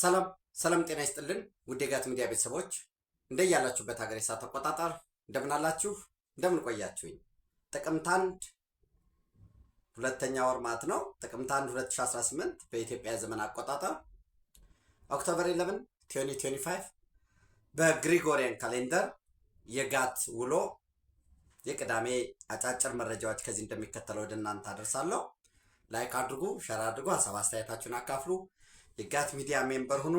ሰላም ሰላም፣ ጤና ይስጥልን ውድ የጋት ሚዲያ ቤተሰቦች እንደያላችሁበት ሀገር የሰዓት አቆጣጠር እንደምናላችሁ እንደምን ቆያችሁኝ? ጥቅምት አንድ ሁለተኛ ወር ማለት ነው። ጥቅምት አንድ 2018 በኢትዮጵያ ዘመን አቆጣጠር ኦክቶበር 11 2025 በግሪጎሪያን ካሌንደር የጋት ውሎ የቅዳሜ አጫጭር መረጃዎች ከዚህ እንደሚከተለው ወደ እናንተ አደርሳለሁ። ላይክ አድርጉ፣ ሸር አድርጉ፣ ሀሳብ አስተያየታችሁን አካፍሉ። የጋት ሚዲያ ሜምበር ሁኑ።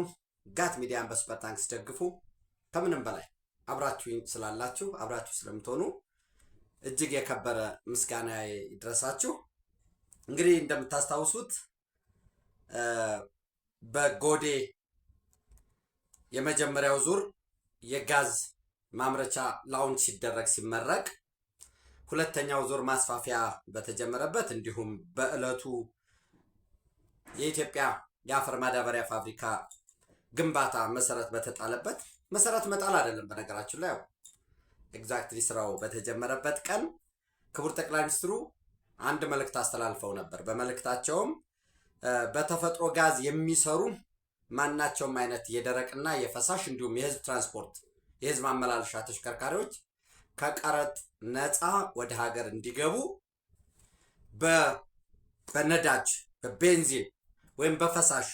ጋት ሚዲያን በሱፐር ታንክስ ደግፉ። ከምንም በላይ አብራችሁ ስላላችሁ አብራችሁ ስለምትሆኑ እጅግ የከበረ ምስጋና ይድረሳችሁ። እንግዲህ እንደምታስታውሱት በጎዴ የመጀመሪያው ዙር የጋዝ ማምረቻ ላውንች ሲደረግ ሲመረቅ ሁለተኛው ዙር ማስፋፊያ በተጀመረበት እንዲሁም በዕለቱ የኢትዮጵያ የአፈር ማዳበሪያ ፋብሪካ ግንባታ መሰረት በተጣለበት መሰረት መጣል አይደለም። በነገራችን ላይ ኤግዛክትሊ ስራው በተጀመረበት ቀን ክቡር ጠቅላይ ሚኒስትሩ አንድ መልእክት አስተላልፈው ነበር። በመልእክታቸውም በተፈጥሮ ጋዝ የሚሰሩ ማናቸውም አይነት የደረቅና የፈሳሽ እንዲሁም የህዝብ ትራንስፖርት የህዝብ አመላለሻ ተሽከርካሪዎች ከቀረጥ ነፃ ወደ ሀገር እንዲገቡ በነዳጅ በቤንዚን ወይም በፈሳሽ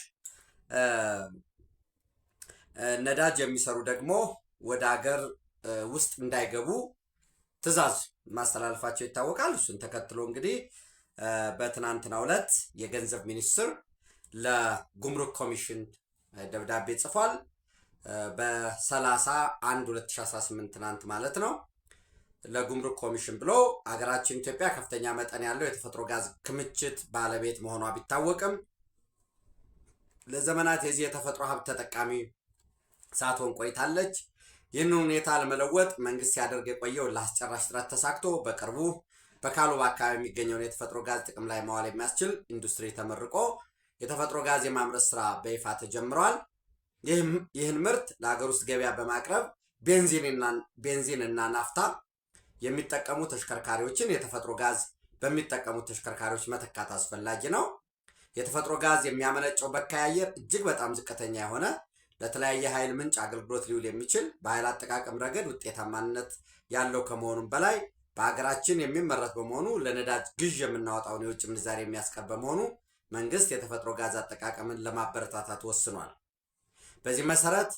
ነዳጅ የሚሰሩ ደግሞ ወደ ሀገር ውስጥ እንዳይገቡ ትዕዛዝ ማስተላለፋቸው ይታወቃል። እሱን ተከትሎ እንግዲህ በትናንትናው ዕለት የገንዘብ ሚኒስትር ለጉምሩክ ኮሚሽን ደብዳቤ ጽፏል። በ በ31 2018 ትናንት ማለት ነው። ለጉምሩክ ኮሚሽን ብሎ አገራችን ኢትዮጵያ ከፍተኛ መጠን ያለው የተፈጥሮ ጋዝ ክምችት ባለቤት መሆኗ ቢታወቅም ለዘመናት የዚህ የተፈጥሮ ሀብት ተጠቃሚ ሳትሆን ቆይታለች። ይህንን ሁኔታ ለመለወጥ መንግስት ሲያደርግ የቆየው ለአስጨራሽ ጥረት ተሳክቶ በቅርቡ በካሉባ አካባቢ የሚገኘውን የተፈጥሮ ጋዝ ጥቅም ላይ መዋል የሚያስችል ኢንዱስትሪ ተመርቆ የተፈጥሮ ጋዝ የማምረት ስራ በይፋ ተጀምረዋል። ይህን ምርት ለሀገር ውስጥ ገበያ በማቅረብ ቤንዚን እና ናፍታ የሚጠቀሙ ተሽከርካሪዎችን የተፈጥሮ ጋዝ በሚጠቀሙ ተሽከርካሪዎች መተካት አስፈላጊ ነው። የተፈጥሮ ጋዝ የሚያመነጨው በካይ አየር እጅግ በጣም ዝቅተኛ የሆነ ለተለያየ ኃይል ምንጭ አገልግሎት ሊውል የሚችል በኃይል አጠቃቀም ረገድ ውጤታማነት ያለው ከመሆኑም በላይ በሀገራችን የሚመረት በመሆኑ ለነዳጅ ግዥ የምናወጣውን የውጭ ምንዛሪ የሚያስቀር በመሆኑ መንግስት የተፈጥሮ ጋዝ አጠቃቀምን ለማበረታታት ወስኗል። በዚህ መሰረት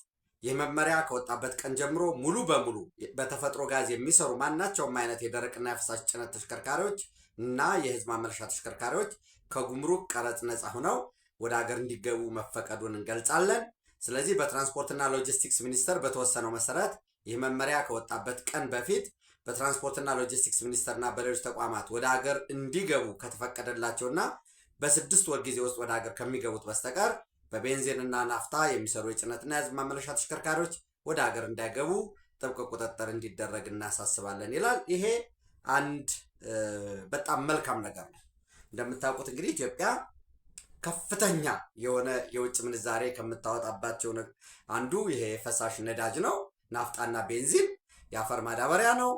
ይህ መመሪያ ከወጣበት ቀን ጀምሮ ሙሉ በሙሉ በተፈጥሮ ጋዝ የሚሰሩ ማናቸውም አይነት የደረቅና የፈሳሽ ጭነት ተሽከርካሪዎች እና የህዝብ ማመላለሻ ተሽከርካሪዎች ከጉምሩክ ቀረጥ ነጻ ሆነው ወደ ሀገር እንዲገቡ መፈቀዱን እንገልጻለን። ስለዚህ በትራንስፖርትና ሎጂስቲክስ ሚኒስቴር በተወሰነው መሰረት ይህ መመሪያ ከወጣበት ቀን በፊት በትራንስፖርትና ሎጂስቲክስ ሚኒስቴርና በሌሎች ተቋማት ወደ ሀገር እንዲገቡ ከተፈቀደላቸውና በስድስት ወር ጊዜ ውስጥ ወደ ሀገር ከሚገቡት በስተቀር በቤንዚንና ናፍታ የሚሰሩ የጭነትና የህዝብ ማመለሻ ተሽከርካሪዎች ወደ ሀገር እንዳይገቡ ጥብቅ ቁጥጥር እንዲደረግ እናሳስባለን ይላል። ይሄ አንድ በጣም መልካም ነገር ነው። እንደምታውቁት እንግዲህ ኢትዮጵያ ከፍተኛ የሆነ የውጭ ምንዛሬ ከምታወጣባቸው አንዱ ይሄ የፈሳሽ ነዳጅ ነው። ናፍጣና ቤንዚን፣ የአፈር ማዳበሪያ ነው።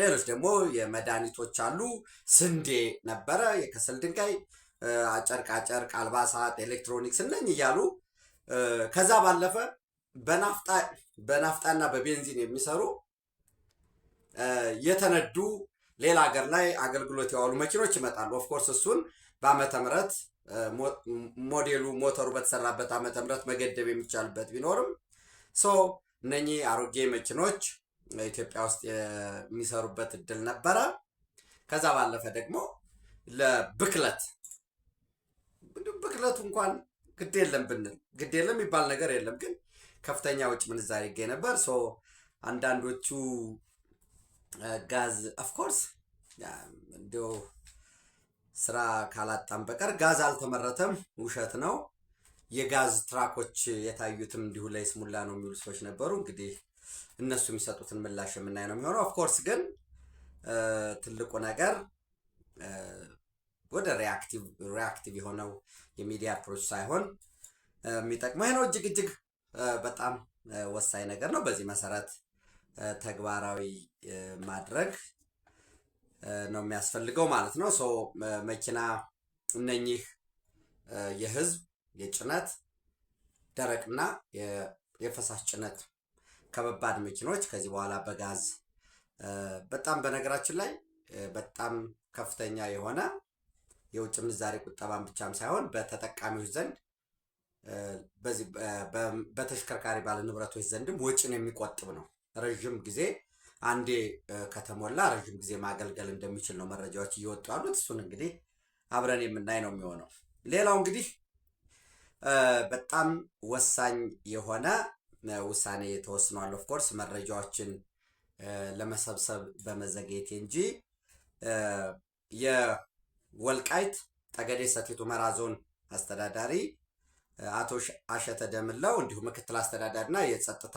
ሌሎች ደግሞ የመድኃኒቶች አሉ። ስንዴ ነበረ፣ የከሰል ድንጋይ፣ አጨርቃጨርቅ አልባሳት፣ ኤሌክትሮኒክስ እነኝ እያሉ ከዛ ባለፈ በናፍጣና በቤንዚን የሚሰሩ የተነዱ ሌላ ሀገር ላይ አገልግሎት የዋሉ መኪኖች ይመጣሉ። ኦፍኮርስ እሱን በአመተ ምህረት ሞዴሉ ሞተሩ በተሰራበት አመተ ምህረት መገደብ የሚቻልበት ቢኖርም ሶ እነኚህ አሮጌ መኪኖች ኢትዮጵያ ውስጥ የሚሰሩበት እድል ነበረ። ከዛ ባለፈ ደግሞ ለብክለት ብክለቱ እንኳን ግድ የለም ብንል ግድ የለም የሚባል ነገር የለም፣ ግን ከፍተኛ ውጭ ምንዛሬ ይገኝ ነበር። ሶ አንዳንዶቹ ጋዝ ኦፍኮርስ እንዲሁ ስራ ካላጣም በቀር ጋዝ አልተመረተም፣ ውሸት ነው። የጋዝ ትራኮች የታዩትም እንዲሁ ለይስሙላ ነው የሚሉ ሰዎች ነበሩ። እንግዲህ እነሱ የሚሰጡትን ምላሽ የምናይ ነው የሚሆነው። ኦፍኮርስ ግን ትልቁ ነገር ወደ ሪያክቲቭ የሆነው የሚዲያ አፕሮች ሳይሆን የሚጠቅመው ይሄ ነው። እጅግ እጅግ በጣም ወሳኝ ነገር ነው። በዚህ መሰረት ተግባራዊ ማድረግ ነው የሚያስፈልገው ማለት ነው። ሶ መኪና እነኚህ የህዝብ የጭነት ደረቅና የፈሳሽ ጭነት ከበባድ መኪኖች ከዚህ በኋላ በጋዝ በጣም በነገራችን ላይ በጣም ከፍተኛ የሆነ የውጭ ምንዛሬ ቁጠባን ብቻም ሳይሆን በተጠቃሚዎች ዘንድ በዚህ በተሽከርካሪ ባለንብረቶች ዘንድም ወጪን የሚቆጥብ ነው። ረዥም ጊዜ አንዴ ከተሞላ ረዥም ጊዜ ማገልገል እንደሚችል ነው መረጃዎች እየወጡ ያሉት። እሱን እንግዲህ አብረን የምናይ ነው የሚሆነው። ሌላው እንግዲህ በጣም ወሳኝ የሆነ ውሳኔ ተወስኗል። ኦፍኮርስ መረጃዎችን ለመሰብሰብ በመዘግየቴ እንጂ የወልቃይት ጠገዴ ሰቲት ሁመራ ዞን አስተዳዳሪ አቶ አሸተ ደምለው እንዲሁም ምክትል አስተዳዳሪና የጸጥታ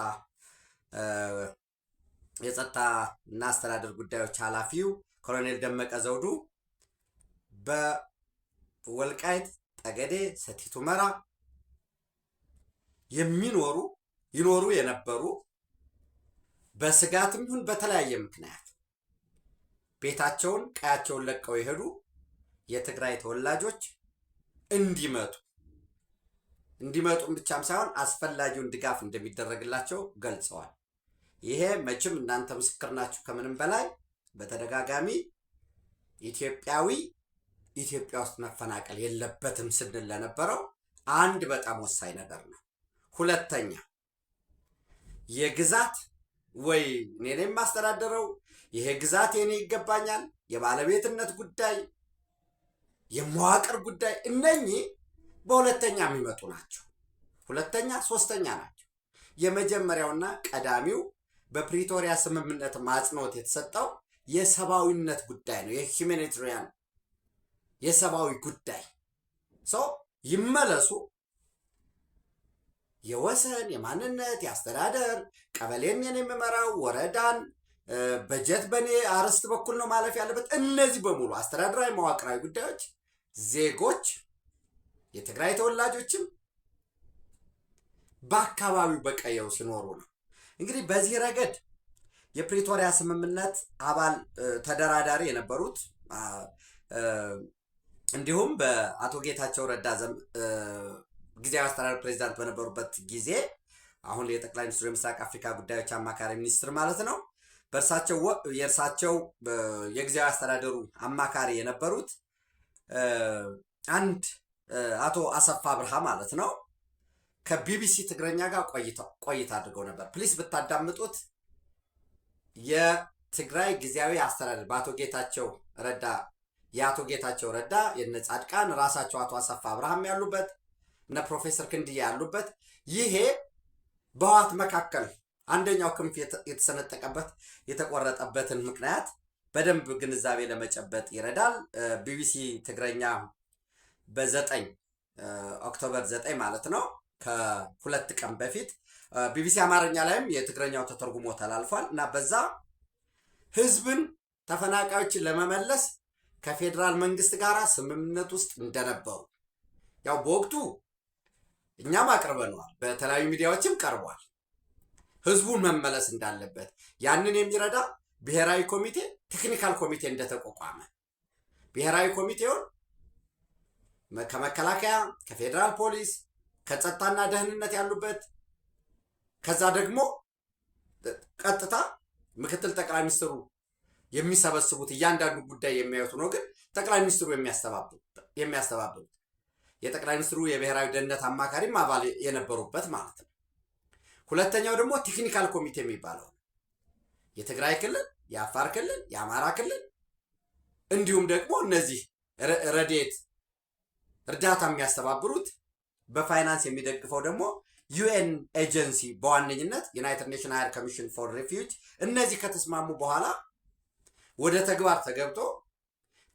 የጸጥታ እና አስተዳደር ጉዳዮች ኃላፊው ኮሎኔል ደመቀ ዘውዱ በወልቃይት ጠገዴ፣ ሰቲት ሁመራ የሚኖሩ ይኖሩ የነበሩ በስጋትም ይሁን በተለያየ ምክንያት ቤታቸውን ቀያቸውን ለቀው የሄዱ የትግራይ ተወላጆች እንዲመጡ እንዲመጡም ብቻም ሳይሆን አስፈላጊውን ድጋፍ እንደሚደረግላቸው ገልጸዋል። ይሄ መቼም እናንተ ምስክር ናችሁ። ከምንም በላይ በተደጋጋሚ ኢትዮጵያዊ ኢትዮጵያ ውስጥ መፈናቀል የለበትም ስንል ለነበረው አንድ በጣም ወሳኝ ነገር ነው። ሁለተኛ የግዛት ወይ እኔ ነው የማስተዳደረው ይሄ ግዛት የኔ ይገባኛል፣ የባለቤትነት ጉዳይ፣ የመዋቅር ጉዳይ እነኚህ በሁለተኛ የሚመጡ ናቸው። ሁለተኛ ሶስተኛ ናቸው። የመጀመሪያውና ቀዳሚው በፕሪቶሪያ ስምምነት አጽንኦት የተሰጠው የሰብአዊነት ጉዳይ ነው። የሂውማኒታሪያን የሰብአዊ ጉዳይ ሰው ይመለሱ። የወሰን የማንነት የአስተዳደር ቀበሌን የኔ የሚመራው ወረዳን በጀት በእኔ አርዕስት በኩል ነው ማለፍ ያለበት። እነዚህ በሙሉ አስተዳደራዊ መዋቅራዊ ጉዳዮች ዜጎች የትግራይ ተወላጆችም በአካባቢው በቀየው ሲኖሩ ነው። እንግዲህ በዚህ ረገድ የፕሪቶሪያ ስምምነት አባል ተደራዳሪ የነበሩት እንዲሁም በአቶ ጌታቸው ረዳ ጊዜያዊ አስተዳደር ፕሬዚዳንት በነበሩበት ጊዜ አሁን የጠቅላይ ሚኒስትሩ የምስራቅ አፍሪካ ጉዳዮች አማካሪ ሚኒስትር ማለት ነው። በእርሳቸው የእርሳቸው የጊዜያዊ አስተዳደሩ አማካሪ የነበሩት አንድ አቶ አሰፋ ብርሃ ማለት ነው ከቢቢሲ ትግረኛ ጋር ቆይታ አድርገው ነበር። ፕሊስ ብታዳምጡት የትግራይ ጊዜያዊ አስተዳደር በአቶ ጌታቸው ረዳ የአቶ ጌታቸው ረዳ የነ ጻድቃን ራሳቸው አቶ አሰፋ አብርሃም ያሉበት እነ ፕሮፌሰር ክንድያ ያሉበት ይሄ በህወሓት መካከል አንደኛው ክንፍ የተሰነጠቀበት የተቆረጠበትን ምክንያት በደንብ ግንዛቤ ለመጨበጥ ይረዳል። ቢቢሲ ትግረኛ በዘጠኝ ኦክቶበር ዘጠኝ ማለት ነው ከሁለት ቀን በፊት ቢቢሲ አማርኛ ላይም የትግረኛው ተተርጉሞ ተላልፏል እና በዛ ህዝብን ተፈናቃዮችን ለመመለስ ከፌዴራል መንግስት ጋር ስምምነት ውስጥ እንደነበሩ ያው በወቅቱ እኛም አቅርበነዋል፣ በተለያዩ ሚዲያዎችም ቀርቧል። ህዝቡን መመለስ እንዳለበት ያንን የሚረዳ ብሔራዊ ኮሚቴ ቴክኒካል ኮሚቴ እንደተቋቋመ ብሔራዊ ኮሚቴውን ከመከላከያ ከፌዴራል ፖሊስ ከጸጥታና ደህንነት ያሉበት ከዛ ደግሞ ቀጥታ ምክትል ጠቅላይ ሚኒስትሩ የሚሰበስቡት እያንዳንዱ ጉዳይ የሚያዩት ነው። ግን ጠቅላይ ሚኒስትሩ የሚያስተባብሩት የጠቅላይ ሚኒስትሩ የብሔራዊ ደህንነት አማካሪም አባል የነበሩበት ማለት ነው። ሁለተኛው ደግሞ ቴክኒካል ኮሚቴ የሚባለው የትግራይ ክልል፣ የአፋር ክልል፣ የአማራ ክልል እንዲሁም ደግሞ እነዚህ ረዴት እርዳታ የሚያስተባብሩት በፋይናንስ የሚደግፈው ደግሞ ዩኤን ኤጀንሲ በዋነኝነት ዩናይትድ ኔሽን ሃየር ኮሚሽን ፎር ሪፊጅ። እነዚህ ከተስማሙ በኋላ ወደ ተግባር ተገብቶ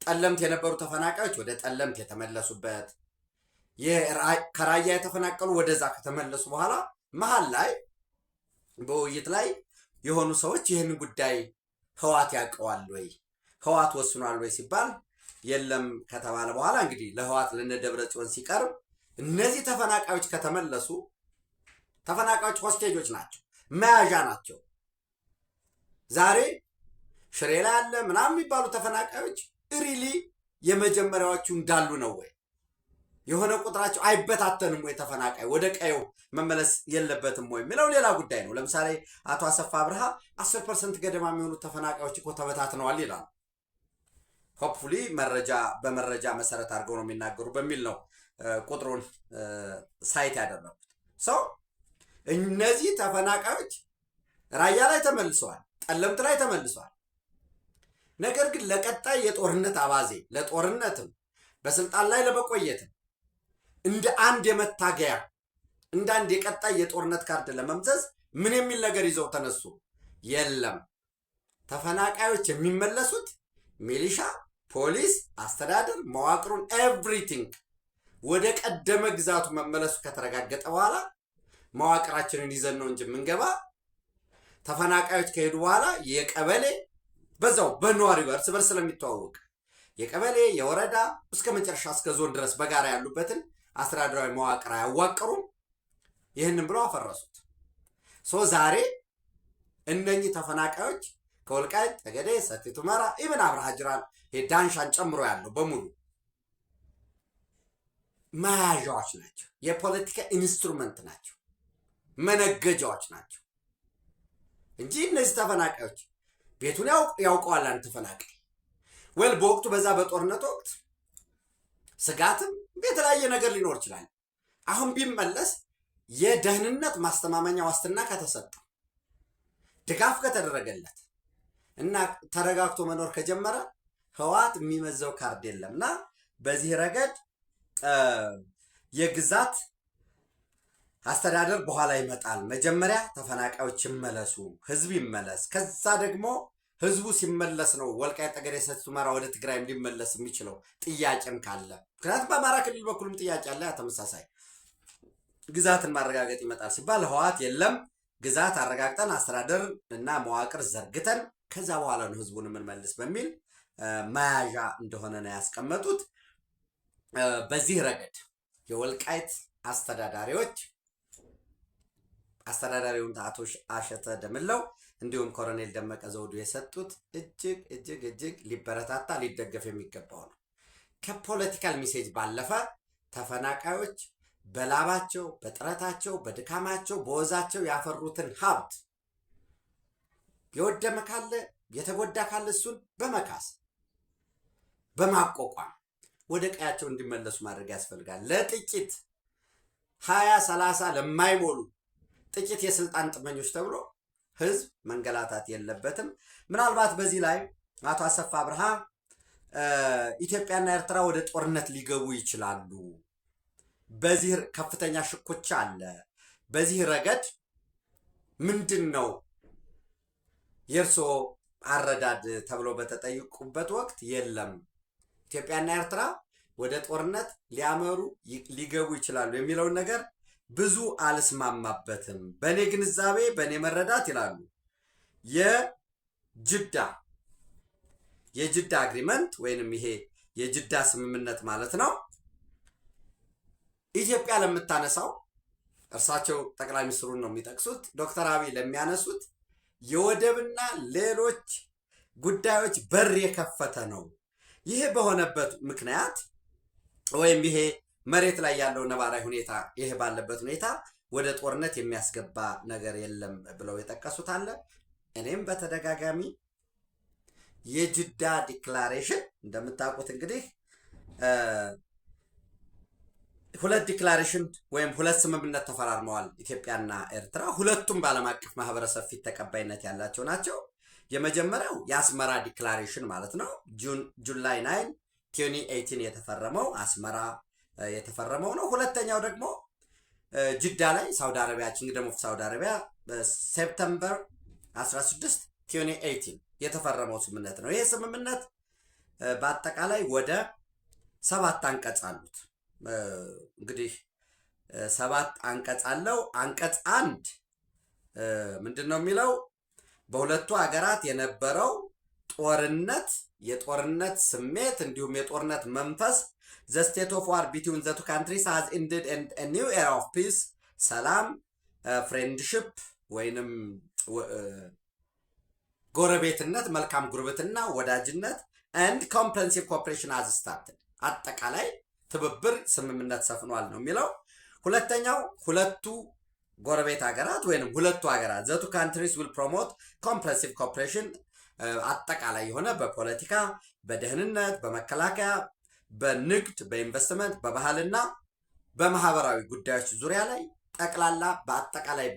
ጠለምት የነበሩ ተፈናቃዮች ወደ ጠለምት የተመለሱበት ከራያ የተፈናቀሉ ወደዛ ከተመለሱ በኋላ መሀል ላይ በውይይት ላይ የሆኑ ሰዎች ይህንን ጉዳይ ህዋት ያውቀዋል ወይ ህዋት ወስኗል ወይ ሲባል የለም ከተባለ በኋላ እንግዲህ ለህዋት ለነደብረ ጽሆን ጽዮን ሲቀርብ እነዚህ ተፈናቃዮች ከተመለሱ ተፈናቃዮች ሆስቴጆች ናቸው፣ መያዣ ናቸው። ዛሬ ሽሬ ላይ አለ ምናምን የሚባሉ ተፈናቃዮች ሪሊ የመጀመሪያዎቹ እንዳሉ ነው ወይ? የሆነ ቁጥራቸው አይበታተንም ወይ? ተፈናቃይ ወደ ቀየው መመለስ የለበትም ወይ የሚለው ሌላ ጉዳይ ነው። ለምሳሌ አቶ አሰፋ ብርሃ አስር ፐርሰንት ገደማ የሚሆኑ ተፈናቃዮች እኮ ተበታትነዋል ይላል። ሆፕፉሊ መረጃ በመረጃ መሰረት አድርገው ነው የሚናገሩ በሚል ነው ቁጥሩን ሳይት ያደረጉት ሰው እነዚህ ተፈናቃዮች ራያ ላይ ተመልሰዋል፣ ጠለምት ላይ ተመልሰዋል። ነገር ግን ለቀጣይ የጦርነት አባዜ ለጦርነትም በስልጣን ላይ ለመቆየትም እንደ አንድ የመታገያ እንደ አንድ የቀጣይ የጦርነት ካርድ ለመምዘዝ ምን የሚል ነገር ይዘው ተነሱ? የለም ተፈናቃዮች የሚመለሱት ሚሊሻ፣ ፖሊስ፣ አስተዳደር መዋቅሩን ኤቭሪቲንግ ወደ ቀደመ ግዛቱ መመለሱ ከተረጋገጠ በኋላ መዋቅራችንን ይዘን ነው እንጂ የምንገባ። ተፈናቃዮች ከሄዱ በኋላ የቀበሌ በዛው በነዋሪው እርስ በርስ ስለሚተዋወቅ የቀበሌ የወረዳ እስከ መጨረሻ እስከ ዞን ድረስ በጋራ ያሉበትን አስተዳደራዊ መዋቅር አያዋቅሩም። ይህንን ብለው አፈረሱት። ሶ ዛሬ እነኚህ ተፈናቃዮች ከወልቃይት ጠገዴ፣ ሰቲት ሁመራ፣ ኢብን አብርሃ ጅራን ዳንሻን ጨምሮ ያለው በሙሉ መያዣዎች ናቸው። የፖለቲካ ኢንስትሩመንት ናቸው፣ መነገጃዎች ናቸው እንጂ እነዚህ ተፈናቃዮች ቤቱን ያውቀዋል። አንድ ተፈናቃይ ወል በወቅቱ በዛ በጦርነት ወቅት ስጋትም የተለያየ ነገር ሊኖር ይችላል። አሁን ቢመለስ የደህንነት ማስተማመኛ ዋስትና ከተሰጠው ድጋፍ ከተደረገለት እና ተረጋግቶ መኖር ከጀመረ ህዋት የሚመዘው ካርድ የለም እና በዚህ ረገድ የግዛት አስተዳደር በኋላ ይመጣል። መጀመሪያ ተፈናቃዮች ይመለሱ፣ ህዝብ ይመለስ። ከዛ ደግሞ ህዝቡ ሲመለስ ነው ወልቃይት ጠገዴ፣ ሰቲት ሁመራ ወደ ትግራይ ሊመለስ የሚችለው ጥያቄም ካለ። ምክንያቱም በአማራ ክልል በኩልም ጥያቄ አለ። ተመሳሳይ ግዛትን ማረጋገጥ ይመጣል ሲባል ህወሓት የለም ግዛት አረጋግጠን አስተዳደር እና መዋቅር ዘርግተን ከዛ በኋላ ነው ህዝቡን የምንመልስ በሚል መያዣ እንደሆነ ነው ያስቀመጡት። በዚህ ረገድ የወልቃይት አስተዳዳሪዎች አስተዳዳሪውን አቶ አሸተ ደምለው እንዲሁም ኮሎኔል ደመቀ ዘውዱ የሰጡት እጅግ እጅግ እጅግ ሊበረታታ ሊደገፍ የሚገባው ነው። ከፖለቲካል ሚሴጅ ባለፈ ተፈናቃዮች በላባቸው በጥረታቸው በድካማቸው በወዛቸው ያፈሩትን ሀብት የወደመ ካለ የተጎዳ ካለ እሱን በመካስ በማቋቋም ወደ ቀያቸው እንዲመለሱ ማድረግ ያስፈልጋል። ለጥቂት ሀያ ሰላሳ ለማይሞሉ ጥቂት የስልጣን ጥመኞች ተብሎ ህዝብ መንገላታት የለበትም። ምናልባት በዚህ ላይ አቶ አሰፋ ብርሃ ኢትዮጵያና ኤርትራ ወደ ጦርነት ሊገቡ ይችላሉ፣ በዚህ ከፍተኛ ሽኩቻ አለ፣ በዚህ ረገድ ምንድን ነው የእርስዎ አረዳድ ተብሎ በተጠይቁበት ወቅት የለም ኢትዮጵያና ኤርትራ ወደ ጦርነት ሊያመሩ ሊገቡ ይችላሉ የሚለውን ነገር ብዙ አልስማማበትም። በእኔ ግንዛቤ፣ በእኔ መረዳት ይላሉ የጅዳ የጅዳ አግሪመንት ወይንም ይሄ የጅዳ ስምምነት ማለት ነው። ኢትዮጵያ ለምታነሳው እርሳቸው ጠቅላይ ሚኒስትሩን ነው የሚጠቅሱት፣ ዶክተር አብይ ለሚያነሱት የወደብና ሌሎች ጉዳዮች በር የከፈተ ነው ይሄ በሆነበት ምክንያት ወይም ይሄ መሬት ላይ ያለው ነባራዊ ሁኔታ ይሄ ባለበት ሁኔታ ወደ ጦርነት የሚያስገባ ነገር የለም ብለው የጠቀሱት አለ። እኔም በተደጋጋሚ የጅዳ ዲክላሬሽን እንደምታውቁት እንግዲህ ሁለት ዲክላሬሽን ወይም ሁለት ስምምነት ተፈራርመዋል ኢትዮጵያና ኤርትራ። ሁለቱም በዓለም አቀፍ ማህበረሰብ ፊት ተቀባይነት ያላቸው ናቸው። የመጀመሪያው የአስመራ ዲክላሬሽን ማለት ነው። ጁላይ ናይን ቲኒ ኤይቲን የተፈረመው አስመራ የተፈረመው ነው። ሁለተኛው ደግሞ ጅዳ ላይ ሳውዲ አረቢያ ኪንግደም ኦፍ ሳውዲ አረቢያ ሴፕተምበር 16 ቲኒ ኤይቲን የተፈረመው ስምምነት ነው። ይህ ስምምነት በአጠቃላይ ወደ ሰባት አንቀጽ አሉት። እንግዲህ ሰባት አንቀጽ አለው። አንቀጽ አንድ ምንድን ነው የሚለው በሁለቱ ሀገራት የነበረው ጦርነት የጦርነት ስሜት እንዲሁም የጦርነት መንፈስ ዘ ስቴት ኦፍ ዋር ቢትዊን ዘ ቱ ካንትሪስ ሃዝ ኢንድድ ኒው ኤራ ኦፍ ፒስ ሰላም ፍሬንድሽፕ uh, ወይንም uh, ጎረቤትነት፣ መልካም ጉርብትና፣ ወዳጅነት አንድ ኮምፕሬንሲቭ ኮኦፕሬሽን ሃዝ ስታርትድ አጠቃላይ ትብብር ስምምነት ሰፍኗል ነው የሚለው። ሁለተኛው ሁለቱ ጎረቤት ሀገራት ወይም ሁለቱ ሀገራት ዘቱ ካንትሪስ ዊል ፕሮሞት ኮምፕሬሲቭ ኮፕሬሽን አጠቃላይ የሆነ በፖለቲካ፣ በደህንነት፣ በመከላከያ፣ በንግድ፣ በኢንቨስትመንት፣ በባህልና በማህበራዊ ጉዳዮች ዙሪያ ላይ ጠቅላላ በአጠቃላይ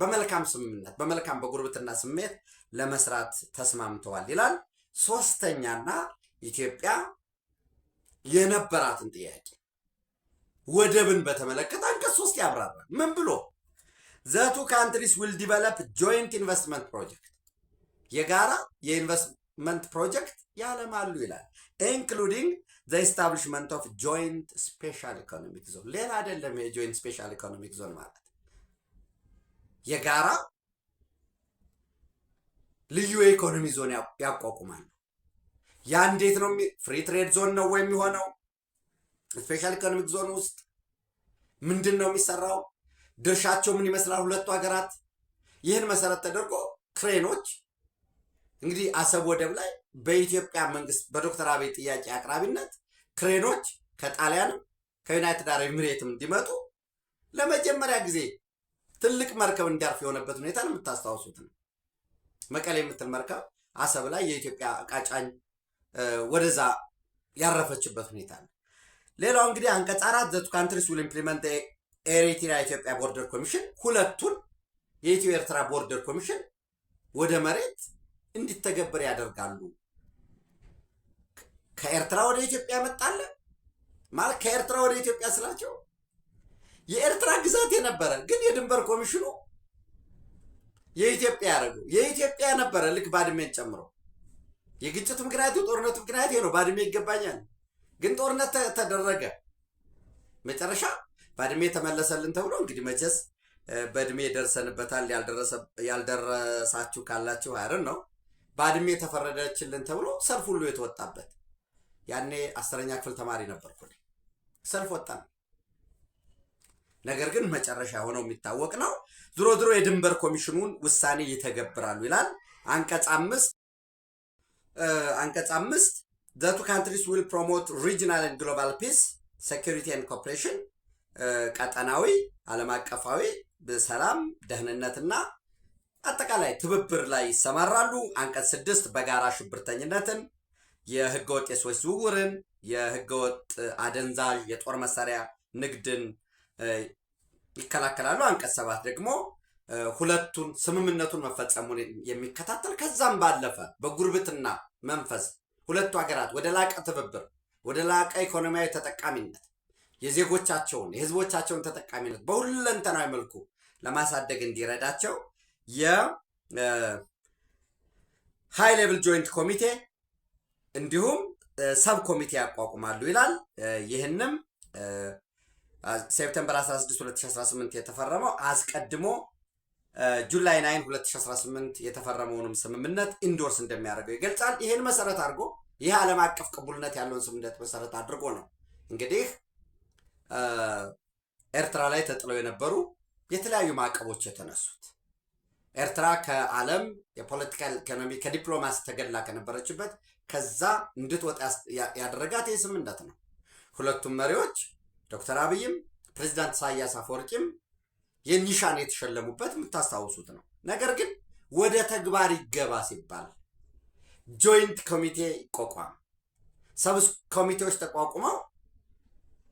በመልካም ስምምነት በመልካም በጉርብትና ስሜት ለመስራት ተስማምተዋል ይላል። ሶስተኛና ኢትዮጵያ የነበራትን ጥያቄ ወደብን በተመለከተ አንቀጽ ሶስት ያብራራል። ምን ብሎ ዘቱ ካንትሪስ ዊል ዲቨሎፕ ጆይንት ኢንቨስትመንት ፕሮጀክት የጋራ የኢንቨስትመንት ፕሮጀክት ያለማሉ ይላል። ኢንክሉዲንግ ዘ ኢስታብሊሽመንት ኦፍ ጆይንት ስፔሻል ኢኮኖሚክ ዞን። ሌላ አይደለም የጆይንት ስፔሻል ኢኮኖሚክ ዞን ማለት የጋራ ልዩ የኢኮኖሚ ዞን ያቋቁማሉ። ያ እንዴት ነው? ፍሪ ትሬድ ዞን ነው የሚሆነው። ስፔሻል ኢኮኖሚክ ዞን ውስጥ ምንድን ነው የሚሰራው? ድርሻቸው ምን ይመስላል? ሁለቱ ሀገራት ይህን መሰረት ተደርጎ ክሬኖች እንግዲህ አሰብ ወደብ ላይ በኢትዮጵያ መንግስት በዶክተር አብይ ጥያቄ አቅራቢነት ክሬኖች ከጣሊያንም ከዩናይትድ አረብ ኤሚሬትም እንዲመጡ ለመጀመሪያ ጊዜ ትልቅ መርከብ እንዲያርፍ የሆነበት ሁኔታ የምታስታውሱት ነው። መቀሌ የምትል መርከብ አሰብ ላይ የኢትዮጵያ እቃጫኝ ወደዛ ያረፈችበት ሁኔታ ነው። ሌላው እንግዲህ አንቀጽ አራት ዘቱ ካንትሪስ ዊል ኢምፕሊመንት ኤሪትሪያ ኢትዮጵያ ቦርደር ኮሚሽን ሁለቱን የኢትዮ ኤርትራ ቦርደር ኮሚሽን ወደ መሬት እንዲተገበር ያደርጋሉ። ከኤርትራ ወደ ኢትዮጵያ መጣለ ማለት ከኤርትራ ወደ ኢትዮጵያ ስላቸው የኤርትራ ግዛት የነበረ ግን የድንበር ኮሚሽኑ የኢትዮጵያ ያደረጉ የኢትዮጵያ ነበረ ልክ ባድሜን ጨምሮ የግጭቱ ምክንያት የጦርነቱ ምክንያት ነው። ባድሜ ይገባኛል፣ ግን ጦርነት ተደረገ መጨረሻ በእድሜ ተመለሰልን ተብሎ እንግዲህ መቼስ በእድሜ ደርሰንበታል። ያልደረሳችሁ ካላችሁ አይረን ነው በእድሜ ተፈረደችልን ተብሎ ሰልፍ ሁሉ የተወጣበት ያኔ አስረኛ ክፍል ተማሪ ነበርኩ። ሰልፍ ወጣን። ነገር ግን መጨረሻ ሆነው የሚታወቅ ነው። ዝሮ ዝሮ የድንበር ኮሚሽኑን ውሳኔ ይተገብራሉ ይላል አንቀጽ አምስት አንቀጽ አምስት ዘቱ ካንትሪስ ዊል ፕሮሞት ሪጂናል ኤንድ ግሎባል ፒስ ሴኩሪቲ ኤንድ ኮፕሬሽን ቀጠናዊ፣ ዓለም አቀፋዊ በሰላም ደህንነትና አጠቃላይ ትብብር ላይ ይሰማራሉ። አንቀጽ ስድስት በጋራ ሽብርተኝነትን፣ የህገወጥ የሰዎች ዝውውርን፣ የህገወጥ አደንዛዥ የጦር መሳሪያ ንግድን ይከላከላሉ። አንቀጽ ሰባት ደግሞ ሁለቱን ስምምነቱን መፈጸሙን የሚከታተል ከዛም ባለፈ በጉርብትና መንፈስ ሁለቱ ሀገራት ወደ ላቀ ትብብር ወደ ላቀ ኢኮኖሚያዊ ተጠቃሚነት የዜጎቻቸውን የህዝቦቻቸውን ተጠቃሚነት በሁለንተናዊ መልኩ ለማሳደግ እንዲረዳቸው የሃይ ሌቭል ጆይንት ኮሚቴ እንዲሁም ሰብ ኮሚቴ ያቋቁማሉ ይላል። ይህንም ሴፕተምበር 16 2018 የተፈረመው አስቀድሞ ጁላይ 9 2018 የተፈረመውንም ስምምነት ኢንዶርስ እንደሚያደርገው ይገልጻል። ይህን መሰረት አድርጎ ይህ ዓለም አቀፍ ቅቡልነት ያለውን ስምምነት መሰረት አድርጎ ነው እንግዲህ ኤርትራ ላይ ተጥለው የነበሩ የተለያዩ ማዕቀቦች የተነሱት ኤርትራ ከዓለም የፖለቲካ ኢኮኖሚ ከዲፕሎማሲ ተገድላ ከነበረችበት ከዛ እንድትወጣ ያደረጋት ይህ ስምምነት ነው። ሁለቱም መሪዎች ዶክተር አብይም ፕሬዚዳንት ኢሳያስ አፈወርቂም የኒሻን የተሸለሙበት የምታስታውሱት ነው። ነገር ግን ወደ ተግባር ይገባ ሲባል ጆይንት ኮሚቴ ይቋቋም፣ ሰብስ ኮሚቴዎች ተቋቁመው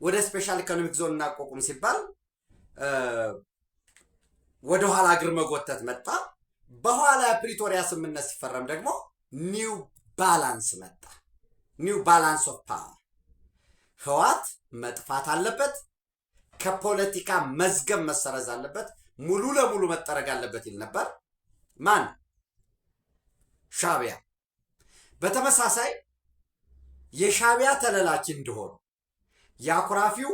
ወደ ስፔሻል ኢኮኖሚክ ዞን እናቋቁም ሲባል ወደኋላ እግር መጎተት መጣ። በኋላ ፕሪቶሪያ ስምምነት ሲፈረም ደግሞ ኒው ባላንስ መጣ። ኒው ባላንስ ኦፍ ፓወር ህዋት መጥፋት አለበት፣ ከፖለቲካ መዝገብ መሰረዝ አለበት፣ ሙሉ ለሙሉ መጠረግ አለበት ይል ነበር። ማን? ሻቢያ። በተመሳሳይ የሻቢያ ተለላኪ እንደሆኑ ያኩራፊው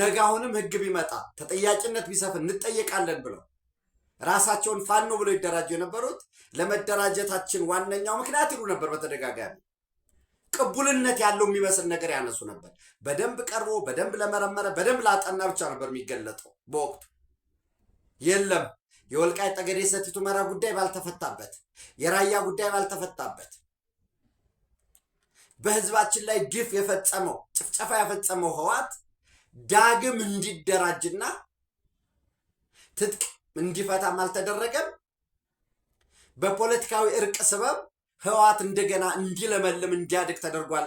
ነገ አሁንም ህግ ቢመጣ ተጠያቂነት ቢሰፍን እንጠየቃለን ብለው ራሳቸውን ፋኖ ብለው ይደራጁ የነበሩት ለመደራጀታችን ዋነኛው ምክንያት ይሉ ነበር። በተደጋጋሚ ቅቡልነት ያለው የሚመስል ነገር ያነሱ ነበር። በደንብ ቀርቦ በደንብ ለመረመረ በደንብ ላጠና ብቻ ነበር የሚገለጠው። በወቅቱ የለም የወልቃይ ጠገዴ ሰቲት ሁመራ ጉዳይ ባልተፈታበት፣ የራያ ጉዳይ ባልተፈታበት በህዝባችን ላይ ግፍ የፈጸመው ጭፍጨፋ የፈጸመው ህወሓት ዳግም እንዲደራጅና ትጥቅ እንዲፈታም አልተደረገም። በፖለቲካዊ እርቅ ስበብ ህወሓት እንደገና እንዲለመልም እንዲያድግ ተደርጓል።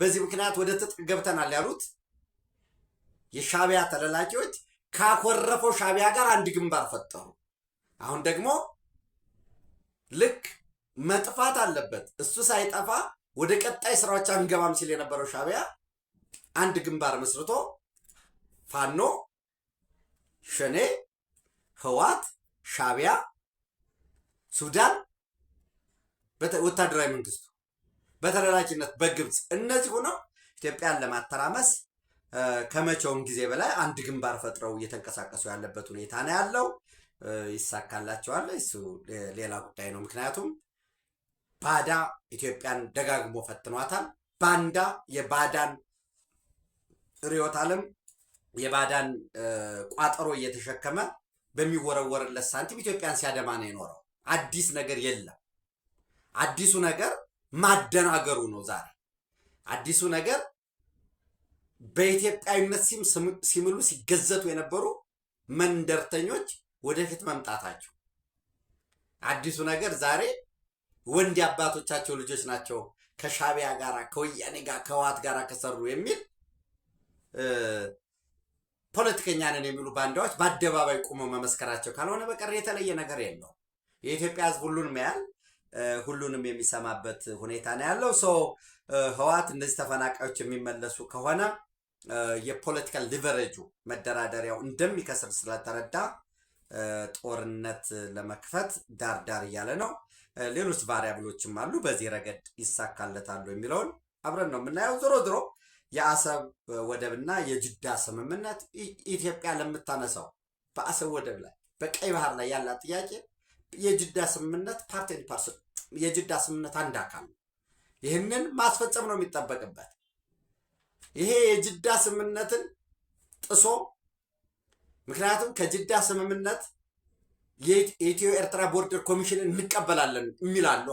በዚህ ምክንያት ወደ ትጥቅ ገብተናል ያሉት የሻቢያ ተለላኪዎች ካኮረፈው ሻቢያ ጋር አንድ ግንባር ፈጠሩ። አሁን ደግሞ ልክ መጥፋት አለበት እሱ ሳይጠፋ ወደ ቀጣይ ስራዎች አንገባም ሲል የነበረው ሻቢያ አንድ ግንባር መስርቶ ፋኖ፣ ሸኔ፣ ህዋት፣ ሻቢያ ፣ ሱዳን፣ ወታደራዊ መንግስቱ በተደራጅነት በግብፅ እነዚህ ሆነው ኢትዮጵያን ለማተራመስ ከመቼውም ጊዜ በላይ አንድ ግንባር ፈጥረው እየተንቀሳቀሱ ያለበት ሁኔታ ነው ያለው። ይሳካላቸዋል። እሱ ሌላ ጉዳይ ነው። ምክንያቱም ባዳ ኢትዮጵያን ደጋግሞ ፈትኗታል። ባንዳ የባዳን ርዕዮተ ዓለም የባዳን ቋጠሮ እየተሸከመ በሚወረወርለት ሳንቲም ኢትዮጵያን ሲያደማ ነው የኖረው። አዲስ ነገር የለም። አዲሱ ነገር ማደናገሩ ነው። ዛሬ አዲሱ ነገር በኢትዮጵያዊነት ሲምሉ ሲገዘቱ የነበሩ መንደርተኞች ወደፊት መምጣታቸው አዲሱ ነገር ዛሬ ወንድ አባቶቻቸው ልጆች ናቸው ከሻቢያ ጋር ከወያኔ ጋር ከህወሓት ጋር ከሰሩ የሚል ፖለቲከኛ ነን የሚሉ ባንዳዎች በአደባባይ ቁሞ መመስከራቸው ካልሆነ በቀር የተለየ ነገር የለው። የኢትዮጵያ ህዝብ ሁሉንም ያህል ሁሉንም የሚሰማበት ሁኔታ ነው ያለው። ሰው ህወሓት እነዚህ ተፈናቃዮች የሚመለሱ ከሆነ የፖለቲካል ሊቨሬጁ መደራደሪያው እንደሚከስር ስለተረዳ ጦርነት ለመክፈት ዳር ዳር እያለ ነው። ሌሎች ቫሪያብሎችም አሉ። በዚህ ረገድ ይሳካለታሉ የሚለውን አብረን ነው የምናየው። ዞሮ ዞሮ የአሰብ ወደብና የጅዳ ስምምነት ኢትዮጵያ ለምታነሳው በአሰብ ወደብ ላይ በቀይ ባህር ላይ ያላት ጥያቄ የጅዳ ስምምነት ፓርቲ የጅዳ ስምምነት አንድ አካል ነው። ይህንን ማስፈጸም ነው የሚጠበቅበት። ይሄ የጅዳ ስምምነትን ጥሶ ምክንያቱም ከጅዳ ስምምነት የኢትዮ ኤርትራ ቦርደር ኮሚሽን እንቀበላለን የሚላሉ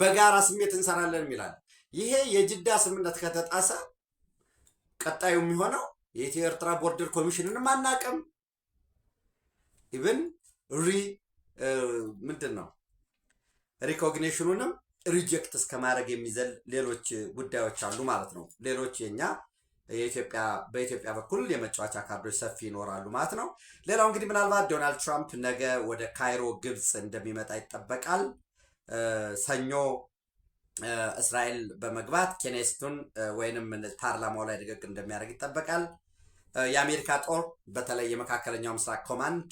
በጋራ ስሜት እንሰራለን የሚላል። ይሄ የጅዳ ስምምነት ከተጣሰ ቀጣዩ የሚሆነው የኢትዮ ኤርትራ ቦርደር ኮሚሽንንም አናቅም። ኢብን ሪ ምንድን ነው ሪኮግኔሽኑንም ሪጀክት እስከማድረግ የሚዘል ሌሎች ጉዳዮች አሉ ማለት ነው። ሌሎች የኛ የኢትዮጵያ በኢትዮጵያ በኩል የመጫወቻ ካርዶች ሰፊ ይኖራሉ ማለት ነው። ሌላው እንግዲህ ምናልባት ዶናልድ ትራምፕ ነገ ወደ ካይሮ ግብፅ እንደሚመጣ ይጠበቃል። ሰኞ እስራኤል በመግባት ኬኔስቱን ወይንም ፓርላማው ላይ ንግግር እንደሚያደርግ ይጠበቃል። የአሜሪካ ጦር በተለይ የመካከለኛው ምስራቅ ኮማንድ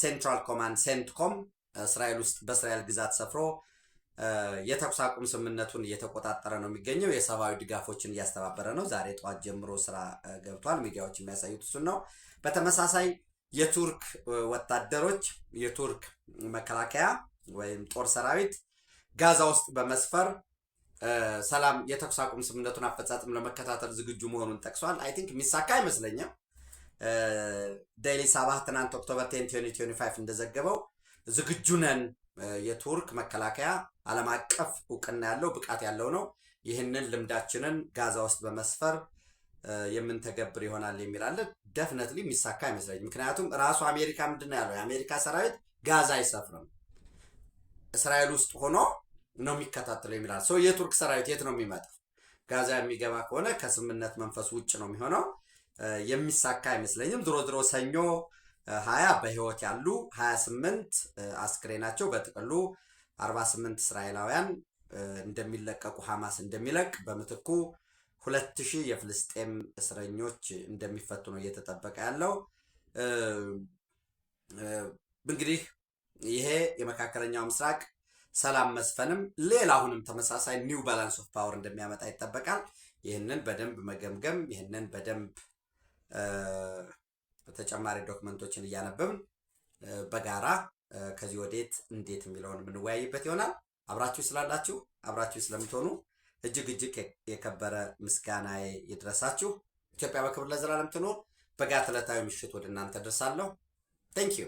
ሴንትራል ኮማንድ ሴንትኮም እስራኤል ውስጥ በእስራኤል ግዛት ሰፍሮ የተኩስ አቁም ስምምነቱን እየተቆጣጠረ ነው የሚገኘው። የሰብአዊ ድጋፎችን እያስተባበረ ነው። ዛሬ ጠዋት ጀምሮ ስራ ገብቷል። ሚዲያዎች የሚያሳዩት እሱን ነው። በተመሳሳይ የቱርክ ወታደሮች የቱርክ መከላከያ ወይም ጦር ሰራዊት ጋዛ ውስጥ በመስፈር ሰላም የተኩስ አቁም ስምምነቱን አፈጻጽም ለመከታተል ዝግጁ መሆኑን ጠቅሷል። አይ ቲንክ የሚሳካ አይመስለኝም። ዴይሊ ሳባህ ትናንት ኦክቶበር ቴን ቲዌንቲ ፋይቭ እንደዘገበው ዝግጁ ነን የቱርክ መከላከያ ዓለም አቀፍ እውቅና ያለው ብቃት ያለው ነው። ይህንን ልምዳችንን ጋዛ ውስጥ በመስፈር የምንተገብር ይሆናል የሚላለ ደፍነት ደፍነትሊ የሚሳካ አይመስለኝ። ምክንያቱም ራሱ አሜሪካ ምንድን ነው ያለው? የአሜሪካ ሰራዊት ጋዛ አይሰፍርም፣ እስራኤል ውስጥ ሆኖ ነው የሚከታተለው የሚላል ሰው። የቱርክ ሰራዊት የት ነው የሚመጣው? ጋዛ የሚገባ ከሆነ ከስምምነት መንፈስ ውጭ ነው የሚሆነው። የሚሳካ አይመስለኝም። ዝሮ ዝሮ ሰኞ ሀያ በህይወት ያሉ ሀያ ስምንት አስክሬናቸው በጥቅሉ አርባ ስምንት እስራኤላውያን እንደሚለቀቁ ሐማስ እንደሚለቅ በምትኩ ሁለት ሺህ የፍልስጤም እስረኞች እንደሚፈቱ ነው እየተጠበቀ ያለው። እንግዲህ ይሄ የመካከለኛው ምስራቅ ሰላም መስፈንም ሌላ አሁንም ተመሳሳይ ኒው ባላንስ ኦፍ ፓወር እንደሚያመጣ ይጠበቃል። ይህንን በደንብ መገምገም ይህንን በደንብ ተጨማሪ ዶክመንቶችን እያነበብን በጋራ ከዚህ ወዴት እንዴት የሚለውን የምንወያይበት ይሆናል። አብራችሁ ስላላችሁ አብራችሁ ስለምትሆኑ እጅግ እጅግ የከበረ ምስጋና ይድረሳችሁ። ኢትዮጵያ በክብር ለዘላለም ትኖር። በጋት ዕለታዊ ምሽት ወደ እናንተ ደርሳለሁ። ታንኪዩ